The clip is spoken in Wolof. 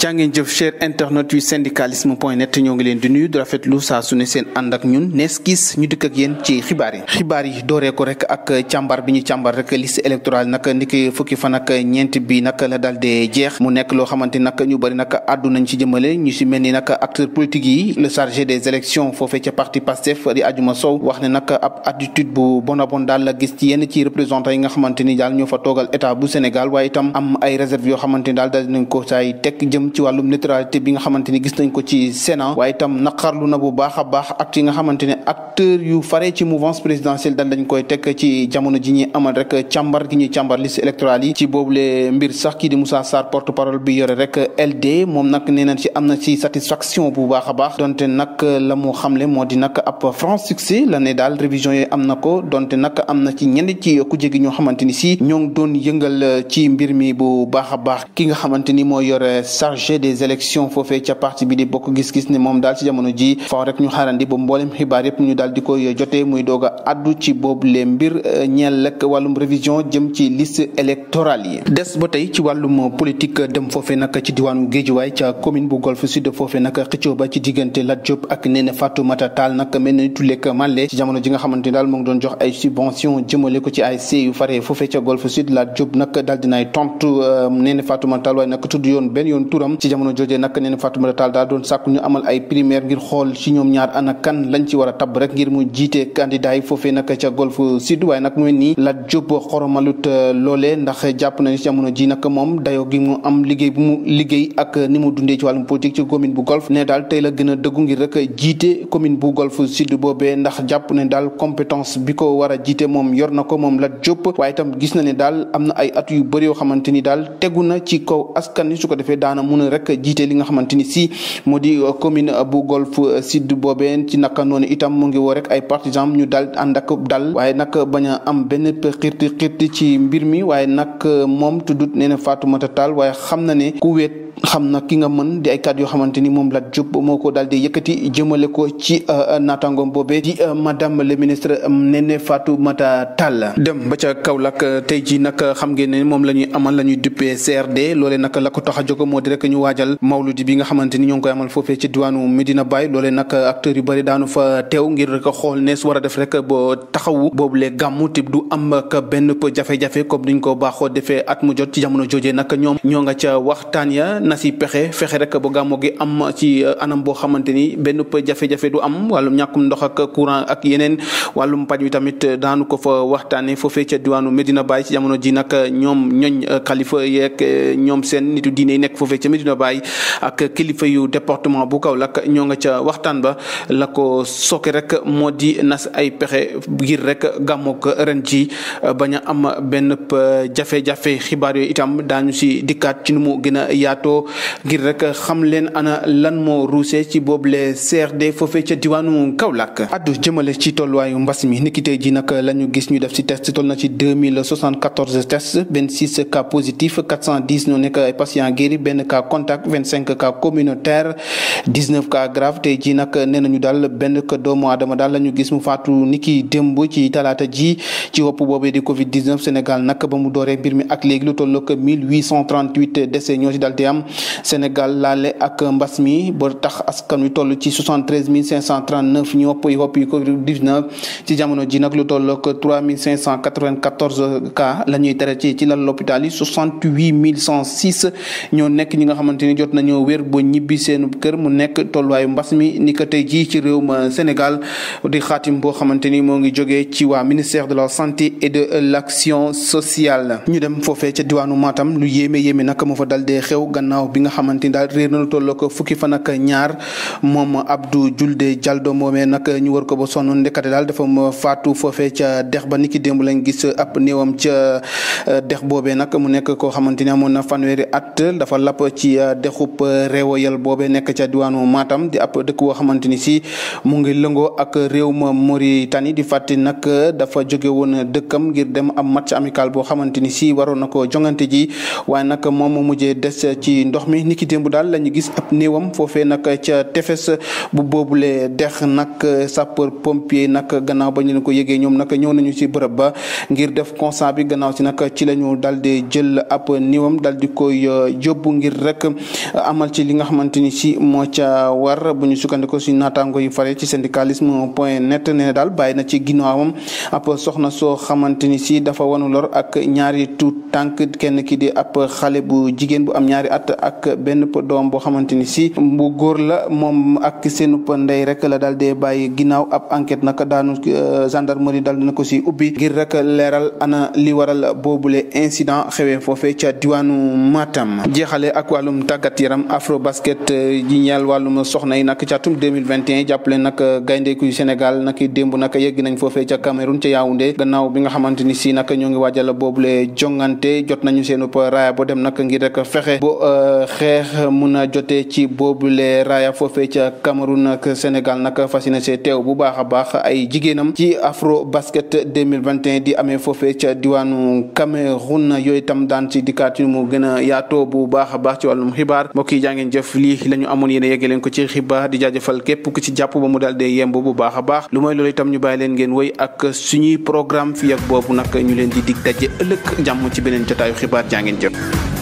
jàngeen jëf cher internet yu syndicalisme point net ñoo ngi leen di nuyu di rafetlu saa su ne seen ànd ak ñun nees gis ñu xibaar yi xibaar yi dooree ko rek ak càmbar bi ñu càmbar rek liste électorale nag niki fukki fan ak ñeent bi nag la daal di jeex mu nekk loo xamante nag ñu bëri nag àddu nañ ci jëmale ñu si mel ni nag acteur politique yi le chargé des élections foofee ca parti Pastef di Adjuma Sow wax ne nag ab attitude bu bon a bon daal la gis ci yenn ci représentants yi nga xamante ni daal ñoo fa toogal état bu Sénégal waaye itam am ay réserve yoo xamante ni daal daal nañ ko saay teg jëm ci wàllum neutralité bi nga xamante ni gis nañ ko ci Sénat waaye itam naqarlu na bu baax a baax acte yi nga xamante ne acteur yu fare ci mouvance présidentielle dal dañ koy tekk ci jamono ji ñuy amal rek càmbar gi ñuy càmbar liste électorale yi ci boobule mbir sax kii di Moussa Sarr porte parole bi yore rek LD nag nee na ci am na ci satisfaction bu baax a baax donte nag la mu xamle moo di nag ab franc succès la ne daal révision yooyu am na ko donte nag am na ci ñenn ci ku jegi ñoo xamante ni si ñoo ngi doon yëngal ci mbir mi bu baax a baax ki nga xamante ni moo yore Sarr chargé des élections foofee ca parti bi di bokk gis-gis ne moom daal ci jamono ji faw rek ñu xaarandi ba mboolem xibaar yëpp ñu ci boobu les mbir euh, jëm ci liste électorale yi des ba tey ci wàllum politique dem foofe nag ci diwaanu Géejuwaay ca commune bu Golf Sud foofe nag xëccoo ba ci diggante Lat Diop ak Néné Fatoumata Tall nag mel na tuleeg màlle ci jamono ji nga xamante ni daal mu ngi doon jox ay subvention jëmale ko ci ay yu faree foofe ca Golf Sud Lat Diop nag daal dinay tontu euh, Néné Fatoumata waaye nag tudd yoon benn yoon tur borom ci jamono jooje nag nee na Fatoumata Tall daa doon sàkku ñu amal ay primaire ngir xool ci ñoom ñaar ana kan lañ ci war a rek ngir mu jiite candidat yi foofee ca golf sud waaye euh, nag moom dayoo gi mu am liggéey bu mu liggéey ak ni mu dundee ci wàllum politique ci commune bu golf ne daal tey la gën a dëggu ngir rek jiite commune bu golf sud boobee ndax jàpp ne daal compétence bi ko war a jiite moom yor na ko moom Lat Diop waaye tam gis na ne daal am na ay at yu bëri yoo xamante ni daal tegu na ci kaw askan wi su ko defee daana mun rek jiite li nga xamante ni si moo di euh, commune euh, bu golf euh, sud boobee ci naka noonu itam mu ngi woo rek ay partisans ñu dal ànd ak dal waaye nag bañ a am benn xirti xirti ci mbir mi waaye nag moom tuddut nee na Fatoumata Tall waaye xam na ne ku wéet xam na ki nga mën di ay kàddu yoo xamante ni moom Lat Diop moo ko daal di yëkkati jëmale ko ci euh, naataangoom boobee di euh, madame le ministre faatu euh, Fatoumata Tall dem ba ca kaw Kaolack tey ji nag xam ngeen ne moom la ñuy amal la ñuy duppee CRD loolee nag la ko tax a jóg moo di rek ñu waajal mawludi bi nga xamante ni ñoo ngi koy amal foofee ci diwaanu Medina Baye loolee nag acteurs yu bëri daanu fa teew ngir rek xool nees war a def rek boo taxawu boobulee gàmmu te du am ak benn jafe-jafe comme niñ ko baaxoo defee at mu jot ci jamono joojee nag ñoom ñoo nga ca waxtaan ya na pexe fexe rek ba gàmmu gi am ci euh, anam boo xamante ni benn jafe-jafe du am wàllum ñàkkum ndox ak courant ak yeneen wàllum paj bi tamit euh, daanu ko fa waxtaane foofee ca diwaanu Medina Baye ci jamono ji nag euh, ñoom ñooñ kalifa yeeg ñoom seen nitu diine yi nekk foofee ca Medina Baye ak kilifa yu département bu Kaolack ñoo nga ca waxtaan ba lako ko sooke rek moo di nas ay pexe ngir rek gàmmook ren ji bañ am benn jafe-jafe xibaar yooyu itam daañu si dikkaat ci nu mu gën a yaatoo Sonko ngir rek xam leen ana lan moo ruusee ci boobu boobule CRD foofee ca diwaanu Kaolack. addu jëmale ci tolluwaayu mbas mi niki tey ji nag la ñu gis ñu def ci test toll na ci deux mille soixante-quatorze tests vingt six cas positifs quatre cent dix ñoo nekk ay patients guéris benn cas contact vingt cinq cas communautaire dix neuf cas grave tey ji nag nee nañu daal benn doomu aadama daal la ñu gis mu faatu niki démb ci talaata ji ci wopp boobee di Covid 19 Sénégal nag ba mu dooree mbir mi ak léegi lu toll ak mille huit cent trente huit décès ñoo ci daal di am Sénégal laale ak mbas mi boo tax askan wi toll ci 73 539 ñu wopp yi wopp yi covid 19 ci jamono ji nag lu toll ak 3594 cas la ñuy tere ci ci lal l'hôpital yi 68 106 ñoo nekk ñi nga xamante ni jot nañoo wér ba ñibbi seenu kër mu nekk tolluwaayu mbas mi ni ko jii ci réew ma euh, Sénégal di xaatim boo xamante ni moo ngi jogee ci waa ministère de la santé et de l'action sociale ñu dem foofee diwaanu Matam lu yéeme yéeme nag moo fa dal dee gannaaw bi nga xamante ni daal réer na lu toll ko fukki fan ak ñaar moom Abdou Julde Jaldo moomee nag ñu war ko ba sonn ndekate daal dafa faatu foofee ca dex ba niki démb lañ gis ab néewam ca euh, dex boobee nag mu nekk koo xamante ni amoon na fanweeri at dafa lapp ci euh, dexub euh, réewoyal boobee nekk ca diwaanu Matam di ab dëkk boo xamante ni si mu ngi lëngoo ak réew ma Mauritanie di fàtte nag dafa jóge woon dëkkam ngir dem am match amical boo xamante ni si waroon na ko jongante ji waaye nag moom mujjee des ci ndox mi niki démb daal lañu gis ab néewam foofee nag ca tefes bu boobule dex nag sapeur pompier nag gannaaw ba ñu leen ko yëgee ñoom nag ñëw nañu ci bërëb ba ngir def constat bi gannaaw si nag ci la ñu daal jël ab néewam daal di koy euh, yóbbu ngir rek amal ci li nga xamante ni si moo ca war bu ñu sukkandikoo suñu naataango yu fare ci syndicalisme point net nee na daal bàyyi na ci ginnaawam ab soxna soo xamante ni si dafa wanu lor ak ñaari tu tànk kenn ki di ab xale bu jigéen bu am ñaari at ak benn doom boo xamante ni si bu góor la moom ak seenu ndey rek la daal dee bàyyi ginnaaw ab enquête nag daanu euh, gendarmerie daal dina ko si ubbi ngir rek leeral ana li waral boobule incident xewee foofe ca diwaanu Matam jeexale ak wàllum tàggat yaram afro basket ji euh, ñeel wàllum soxna yi nag ca atum 2021 jàppale nag euh, gayndeeku Sénégal nag démb nag yegg nañ foofee ca Cameroun ca Yaoundé gannaaw bi nga xamante ni si nag ñoo ngi waajal boobule jongante jot nañu seenu raaya bo dem nag ngir xeex mun a jotee ci boobu boobule raaya foofee ca Cameroun ak Sénégal nag fas yéene see teew bu baax a baax ay jigéenam ci afro basket 2021 di amee foofee ca diwaanu Cameroun yooyu tam daan ci dikkaat yi mu gën a yaatoo bu baax a baax ci wàllum xibaar mbokk yi jaa jëf lii la ñu amoon yéen a yeggee leen ko ci xibaar di jaajëfal képp ku ci jàpp ba mu daal dee yemb bu baax a baax lu mooy loolu itam ñu bàyyi leen ngeen woy ak suñuy programme fii boobu nag ñu leen di dig daje ëllëg jàmm ci beneen jotaayu xibaar jaa ngeen jëf